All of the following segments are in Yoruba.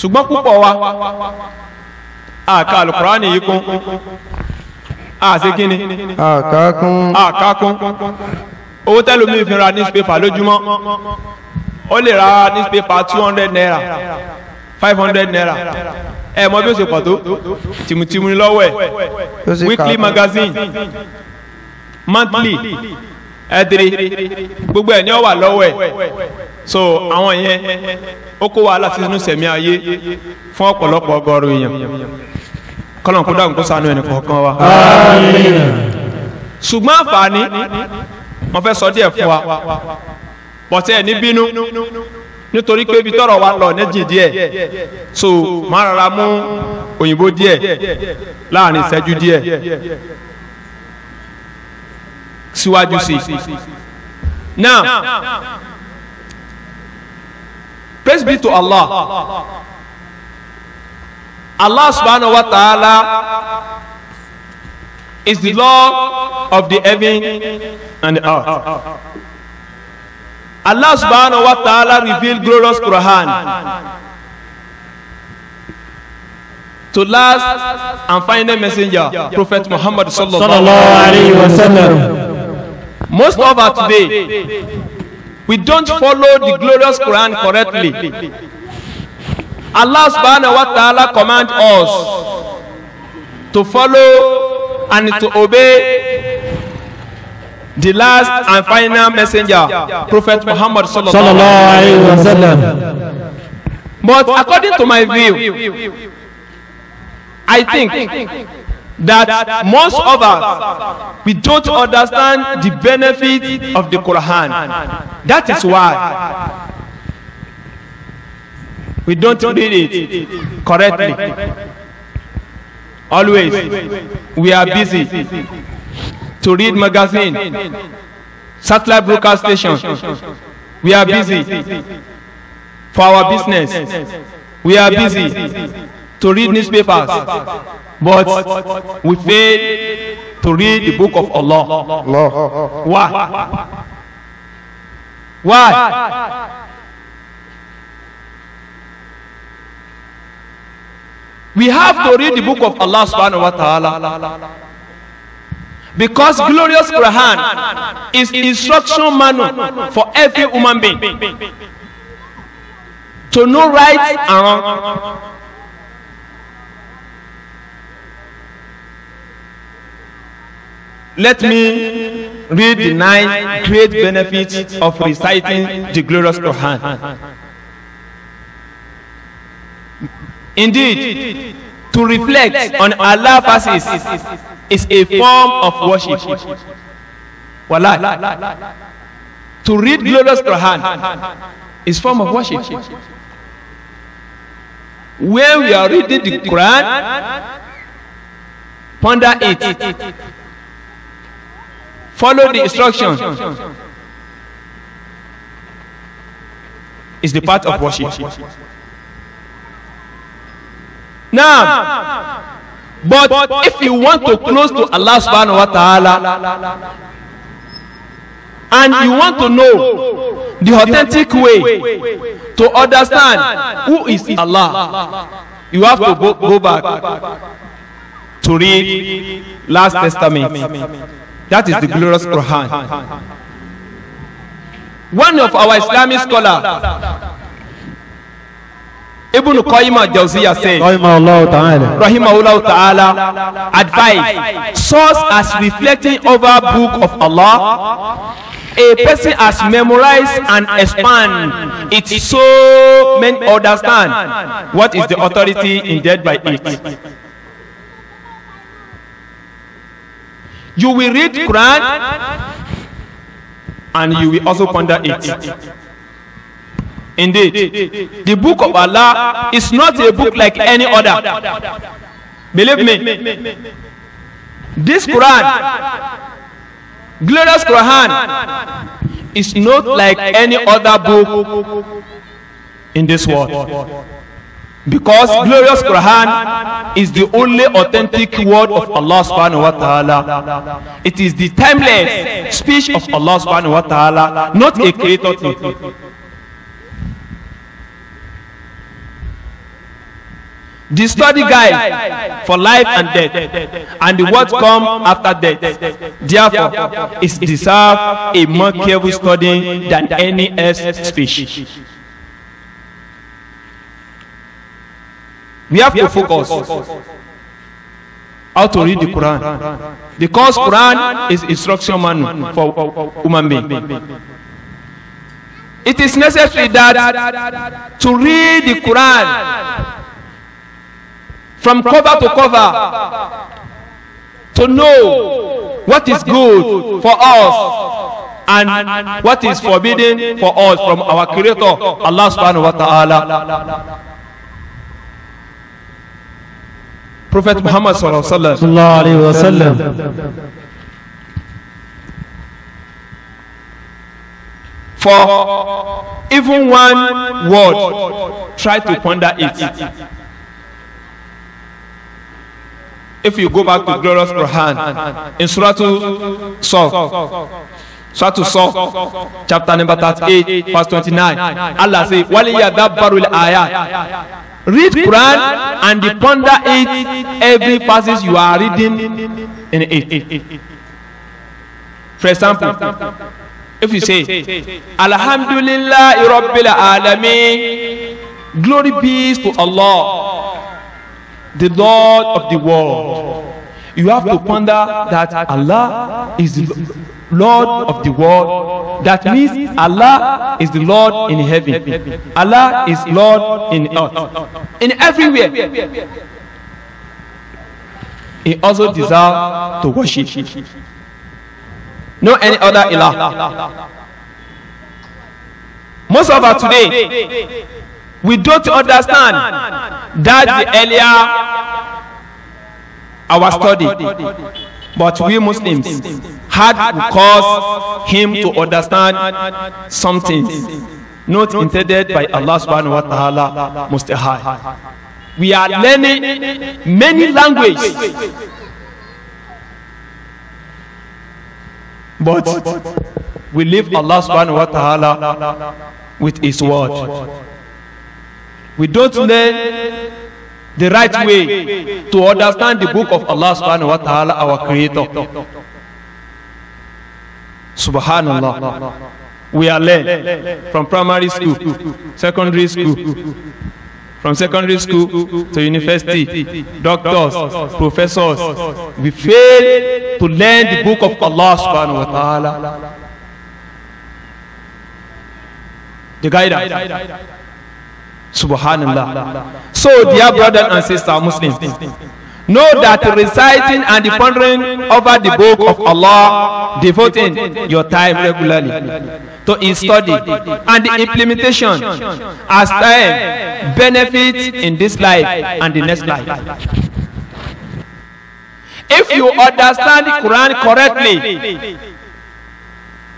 ṣùgbọ́n púpọ̀ wa àka alukurani yìí kún àṣẹ kínni àkàkún àkàkún owó tẹ́lómi fi ra newspaper lójúmọ́ ó lè ra newspaper two hundred naira five hundred naira ẹ mọ bí ó ṣe pọ̀ tó tìmùtìmù lọ́wọ́ ẹ̀ weekly magazine monthly ẹ̀dìrì gbogbo ẹ̀ ní ó wà lọ́wọ́ ẹ̀ so àwọn yẹn ó kó wàhálà sínú sẹ̀mí ayé fún ọ̀pọ̀lọpọ̀ ọgọ́rùn èèyàn kọ́lọ̀ kó dàgbò sànú ẹnì kọ̀ọ̀kan wa. ṣùgbọ́n àǹfààní wọ́n fẹ́ sọ díẹ̀ fún wa bọ̀tẹ́ ẹ̀ ní bínú nítorí pé ibi tọ́rọ̀ wa lọ nẹ́jì díẹ̀ so máa rárá mú òyìnbó díẹ̀ láàrin ìṣẹ́jú díẹ̀ síwájú sí i náà. Praise be to Allah. Allah subhanahu wa ta'ala is the Lord of the heaven and the earth. Allah subhanahu wa ta'ala revealed glorious Quran to last and final messenger, Prophet Muhammad sallallahu alayhi wa sallam. Most of us today We don't follow the glorious Quran correctly. Allah subhanahu wa ta'ala command us to follow and to obey the last and final messenger, Prophet Muhammad sallallahu alaihi wasallam. But according to my view, I think that, most of us we don't understand the benefit of the Quran. That is why we don't read it correctly. Always we are busy to read magazine, satellite broadcast station. We are busy for our business. We are busy to read newspapers but we fail to read the book of Allah. Allah. Why? Why? We have to read the book of Allah subhanahu wa ta'ala. Because glorious Quran is instruction manual for every human being to know right and wrong. Let me read the nine great benefits of reciting the glorious Quran. Indeed, to reflect on Allah's verses is a form of worship. Wallah. To read glorious Quran is form of worship. When we are reading the Quran, ponder it. Follow the instructions. Is the part of worship. Now, but, if you want to close to Allah subhanahu wa ta'ala, and you want to know the authentic way to understand who is Allah, you have to go back to read Last Testament. That is the glorious Quran. One of our Islamic scholars, Ibn Qayyim al-Jawziyya said, Rahimahullah Ta'ala, advise source as reflecting over book of Allah, a person has memorized and expand it so men understand what is the authority intended by it. You will read Quran and you will also ponder it. Indeed, the book of Allah is not a book like any other. Believe me, this Quran, glorious Quran, is not like any other book in this world. Because glorious Quran is the only authentic word of Allah subhanahu wa ta'ala. It is the timeless speech of Allah subhanahu wa ta'ala, not a creator thing. The study guide for life and death and the words come after death. Therefore, it deserves a more careful study than any else speech. We have, to focus, to focus. How, to read the Quran. Because Quran, is instruction manual for, human being. It is necessary that to read the Quran from cover to cover to know what is good for us and what is forbidden for us from our Creator, Allah subhanahu wa ta'ala. prophet muhammad sallallahu alaihi wasallam. for even one word try to ponder it if you go back to glorious Quran in Surah Saf Surah Saf chapter number thirty-eight verse twenty-nine Allah say wali yadabbaru ayat Read Quran and ponder it every passage you are reading in it. For example, if you say, Alhamdulillah, Rabbil Alameen, glory be to Allah, the Lord of the world. You have to ponder that Allah is the Lord of the world That means Allah is the Lord in heaven. Allah is Lord in earth. In everywhere. He also deserves to worship. No any other ilah. Most of us today, we don't understand that the earlier our study. But we Muslims Had will cause him to understand something not intended by Allah subhanahu wa ta'ala most high. We are learning many languages. But we leave Allah subhanahu wa ta'ala with his word. We don't learn the right way to understand the book of Allah subhanahu wa ta'ala, our creator. subhanallah we are led from primary school secondary school from secondary school to university doctors professors we fail to learn the book of allah subhanahu wa ta'ala the guide. subhanallah so dear brother and sister muslims Know that reciting and the pondering over the book of Allah, devoting your time regularly to its study and the implementation as time benefits in this life and the next life. If you understand the Quran correctly,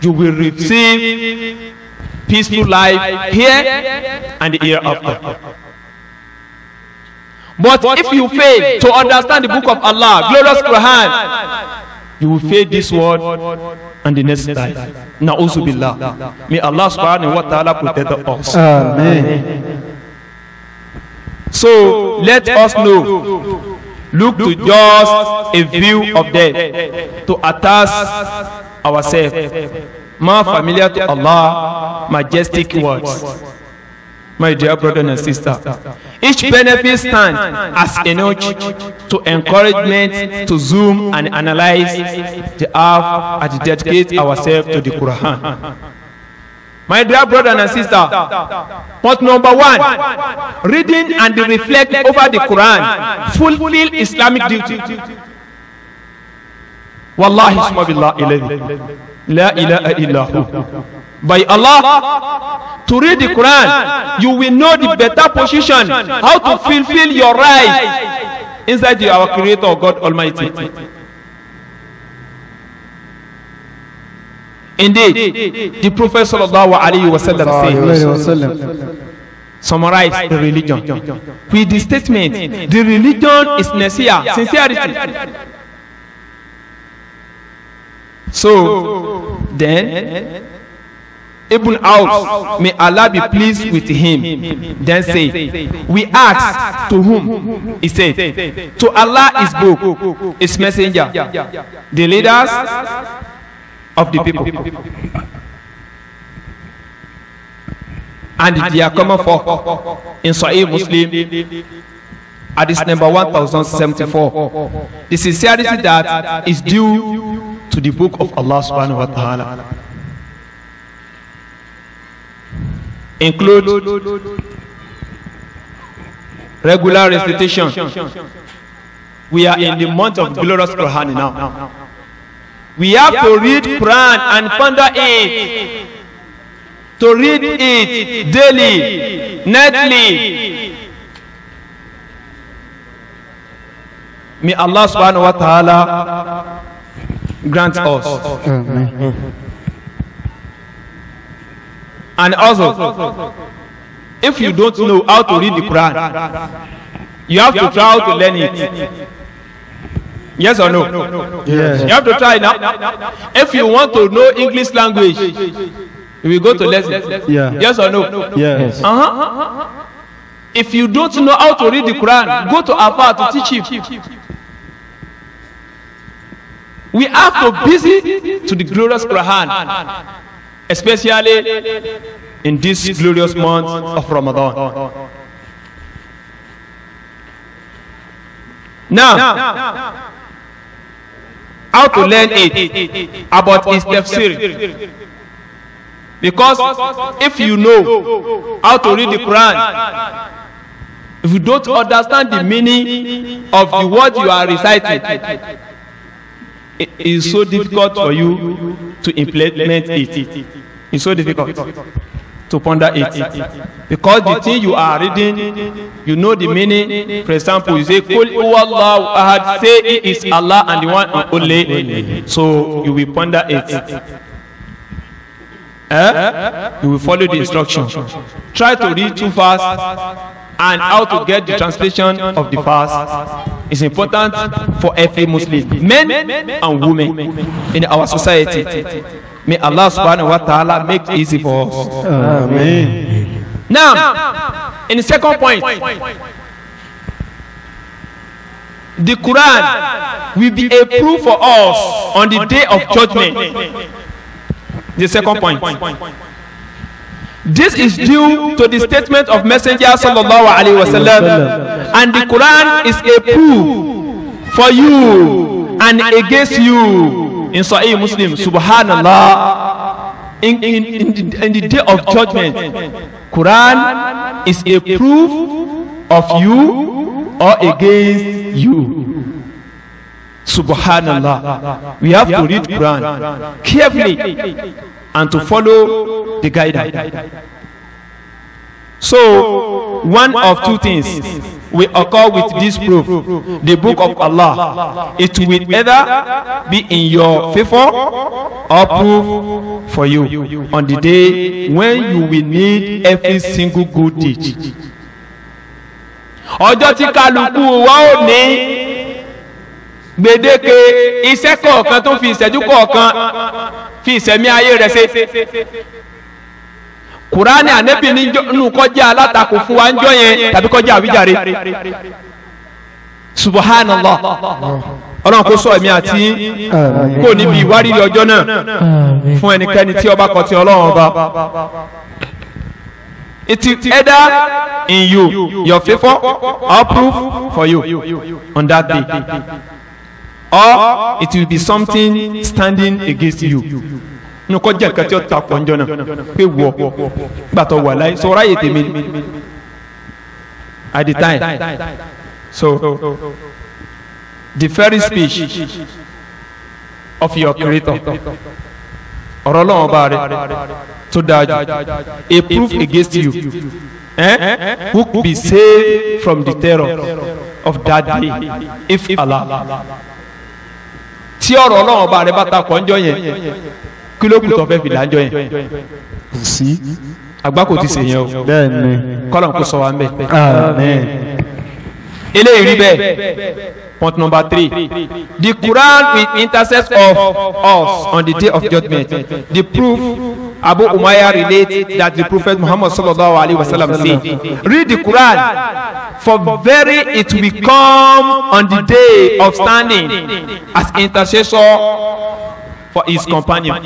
you will receive peaceful life here and hereafter. But, but if you fail to understand the book of Allah, glorious Quran, you will fail this world and the next life. Na'uzu billah. May Allah subhanahu wa ta'ala protect us. Amen. So let us know. Look to just a view of death to attach ourselves. More familiar to Allah, majestic words. My dear brother and sister, each benefit stands as a nudge to encouragement to zoom and analyze the half and dedicate ourselves to the Quran. My dear brother and sister, point number one, reading and the reflect over the Quran, fulfill Islamic duty. Wallahi, subhanallah, la ilaha illahu. by Allah to read the Quran, you will know the better position how to fulfill your right inside the, our Creator God Almighty. Indeed, the Prophet sallallahu alaihi wasallam said, summarize the religion with the statement: the religion is nasiya, sincerity. So then Ibn Auf, may Allah be pleased with him, then say, We ask to whom? He said, To Allah is book, his messenger, the leaders of the people. And they are common for in Sahih Muslim, hadith number 1074. The sincerity that is due to the book of Allah subhanahu wa ta'ala. include regular recitation. We are in the month of glorious Quran now. We have to read Quran and ponder it. To read it daily, nightly. May Allah subhanahu wa ta'ala grant us. Amen. And also, if you don't know how to read the Quran, you have to try to learn it. Yes or no? Yes. You have to try now. If you want to know English language, we go to lesson. Yeah. Yes or no? Yes. Uh-huh. If you don't know how to read the Quran, go to Afa to teach him. We have to busy to the glorious Quran especially in this glorious month of Ramadan. Now, how to learn it about his tafsir. Because if you know how to read the Quran, if you don't understand the meaning of the word you are reciting, it is so difficult for you to implement it. It's so difficult to ponder it. Because the thing you are reading, you know the meaning. For example, you say, Kul Allahu ahad, say it is Allah and the one and only. So you will ponder it. Eh? You will follow the instruction. Try to read too fast and how to get the translation of the fast is important for every Muslim, men and women in our society. May Allah subhanahu wa ta'ala make it easy for us. Amen. Now, in the second point, the Quran will be a proof for us on the day of judgment. The second point. This is due to the statement of Messenger sallallahu alaihi wasallam, and the Quran is a proof for you and against you in Sahih Muslim. Subhanallah. In, in, in, the, in the day of judgment, Quran is a proof of you or against you. Subhanallah. We have to read Quran carefully and to follow the guidance. So, one of two things will occur with this proof the book of Allah. It will either be in your favor or proof for you on the day when you will need every single good deed. ọjọ́ tí kálukú wa ò ní gbèdéke iṣẹ́ kọ̀ọ̀kan tó fi ìṣẹ́jú kọ̀ọ̀kan fi ìṣẹ̀mí ayé rẹ̀ ṣe kùránì ànẹ́bí nínú kọjá alátakò fún wa ń jọ yẹn tàbí kọjá àwíjàre subhanallah ọlọ́run kò sọ èmi àti kò níbi ìwárìrì ọjọ́ náà fún ẹnikẹ́ni tí ọba kọtí ọlọ́run ọba it is either in you your favour or proof for you on that day or it will be something standing against you nínú kọjá nǹkan tí ó ta pọ̀njọ́ náà pé wọ gbàtọ̀ wà láyé sọ̀rọ̀ ayé tèmi at the time so the very speech of your creator ọ̀rọ̀ Ọlọ́run ọba rẹ tó dáa a proof against you eh? who could be saved from the terror of that day if Allah tí ọ̀rọ̀ ọlọ́run ọba rẹ bá ta kọ́ ńjọ yẹn kí ló kù tó fẹ́ fi láńjọ yẹn kò sí agbáko ti sè yẹn o kọ́lọ̀ kó sọ wa mbẹ́ eléyìí rí bẹ́ẹ̀ point number three the Quran will intercede of us on the day of judgment the proof Abu Umayyah relates that the Prophet Muhammad sallallahu alaihi wasallam said, "Read the Quran, for very it will come on the day of standing as intercessor for his companion."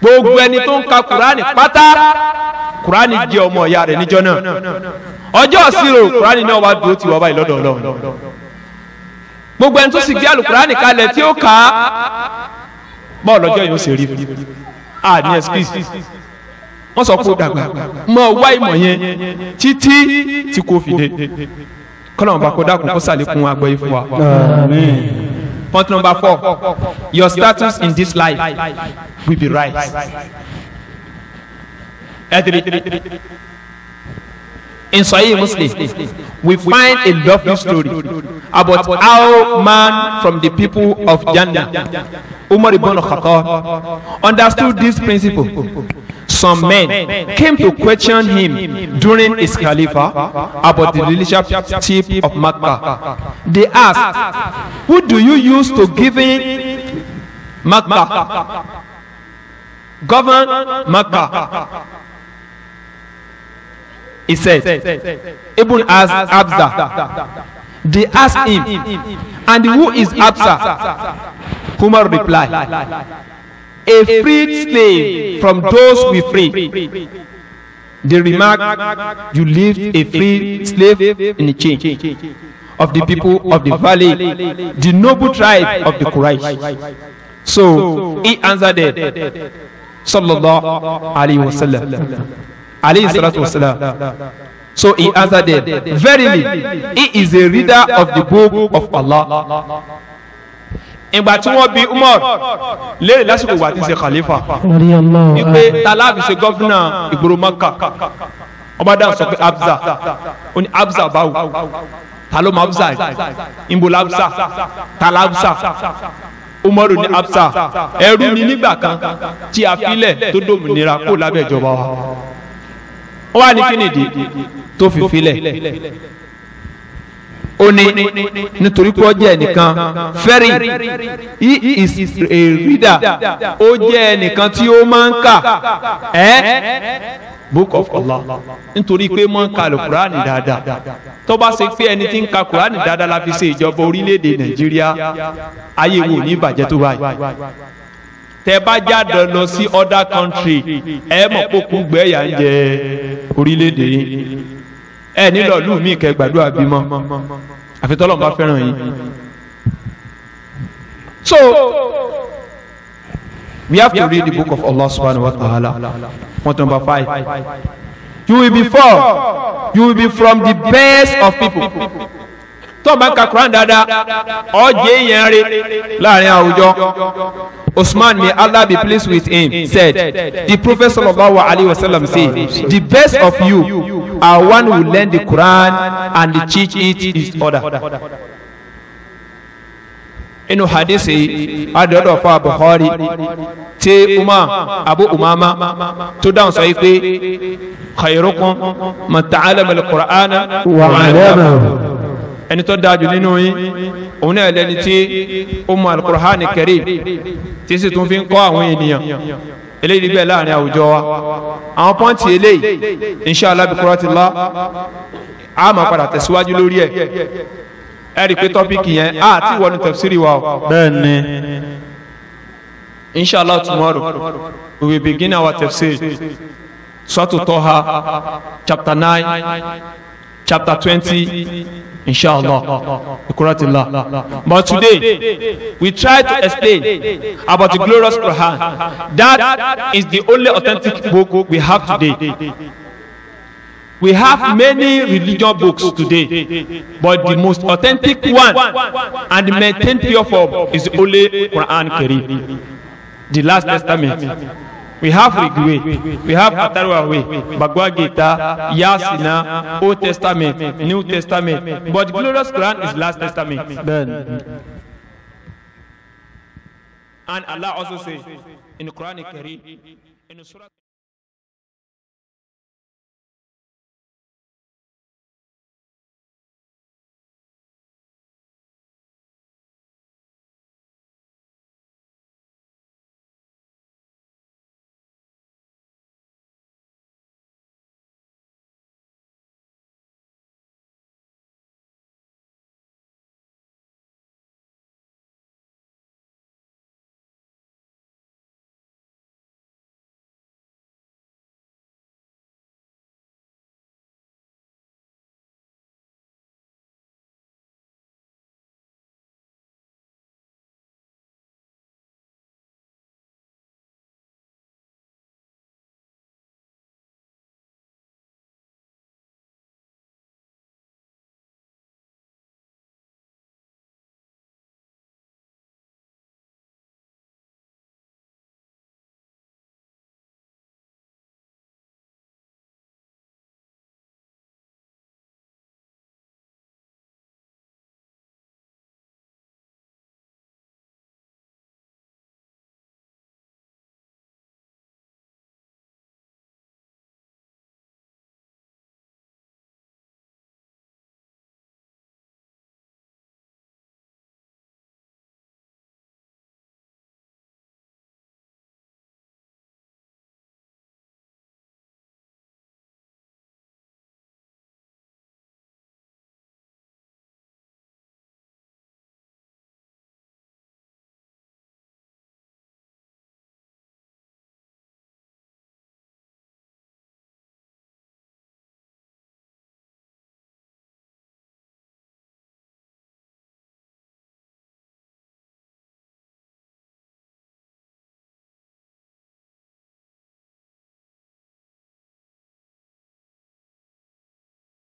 gbogbo ẹni tó ń ka Kùránì pátá Kùránì jẹ́ ọmọ ìyá rẹ̀ níjọ́ náà ọjọ́ ìṣirò Kùránì náà wá dúró tiwọ́ báyìí lọ́dọ̀ gbogbo ẹni tó sì gbé àlùkùránì kalẹ̀ tí ó kà á báwo lọ́jọ́ yìí ó ṣe rí fún a ní excuse wọ́n sọ kó dàgbà mọ wá ìmọ̀ yẹn títí tí kò fìdé kọ́nà bá kó dákun kó sàlékún agbọ́yé fún wa. Point number four your status in this life will be right. In Sahih Muslim, we find a lovely story about how man from the people of Jannah, Umar ibn Khattab, understood this principle. Some men came to question him during his caliphate about the relationship of Makkah. They asked, Who do you use to giving Makkah? Govern Makkah. He said, Ibn as Abza. They asked him, and who is Abza? Umar replied, a freed slave from those we freed. They remarked, you leave a free slave in the chain of the people of the valley, the noble tribe of the Quraysh. So he answered them, Sallallahu Alaihi Wasallam. alayhi salatu wasalam. So he answered them, Verily, he is a reader of the book of Allah. Ìgbà tí wọ́n bi Umar léèrè lásìkò wà tí ń ṣe Khalifa. Wípé Talabi ṣe gọ́fúnà ìgboro Maka. Ọba dáhùn sọ pé Abza. Ó ní Abza báwo? Ta ló Abza yìí? Ìmbola Abza. Tala Abza. Umaru ní Abza. Ẹrú ni nígbà kan tí a filẹ̀ tó dòmìnira kó lábẹ́ ìjọba wa ó wá ní kínìdí tó fi filẹ̀ ó ní nítorí pé ó jẹ́ ẹnìkan fẹ́rìn he is a reader ó jẹ́ ẹnìkan tí ó máa ń kà ẹ́ book of allah nítorí pé mọ́ ń ka alukurani dáadáa tó bá ṣe pé ẹni tí ń ka kurani dáadáa la fi ṣe ìjọba orílẹ̀-èdè nàìjíríà ayé wo ní bàjẹ́ tó báyìí tẹ bá jáde lọ sí other country ẹ mọ̀ kókó gbẹ́yà ń jẹ orílẹ̀-èdè yìí ẹ nílò ìlú mi kẹ gbàdúrà bímọ àfi tọ́lọ́run bá fẹ́ràn yín. so we have to read the book of Allah subhanahu wa ta'ala point number five you will be from you will be from the best of people tó bá ń ka Quran dada ó jẹ́ yẹn rí láàrin àwùjọ Usman may Allah be pleased with him said the prophet sallallahu alayhi wa sallam say the best of you are one who learn the Quran and teach it each other inú hadisi adọ́dọ̀ fún abuhari tí umar abu umama to dáhùn sọ yìí pé khairukum man ta'allama al wa 'allamahu ẹni tó dáa jù nínú yín òun náà lẹni tí ó mọ alukur'ani karim tí sì tún fi ń kọ́ àwọn ènìyàn eléyìí bẹ́ẹ̀ láàrin àwùjọ wa àwọn pọ́ǹtì eléyìí inṣàlá bí kúrọ́tìlá a máa padà tẹ̀síwájú lórí ẹ̀ ẹ rí i pé tọ́pìkì yẹn a ti wọnú tafsiri wa o. bẹ́ẹ̀ni. inṣàlá tomorrow we begin our tafsir sọ́tù tọ́ha chapter nine chapter twenty inshallah Quratillah. but today we try to explain about the glorious quran that is the only authentic book we have today we have many religion books today but the most authentic one and the maintained pure form is only quran Kareem the last testament We have Rigwe, we have Ataruawe, Bhagavad Gita, Yasina, Old Testament, New Testament. But glorious Quran is last testament. Then. And Allah also says in Quran Kareem, in Surah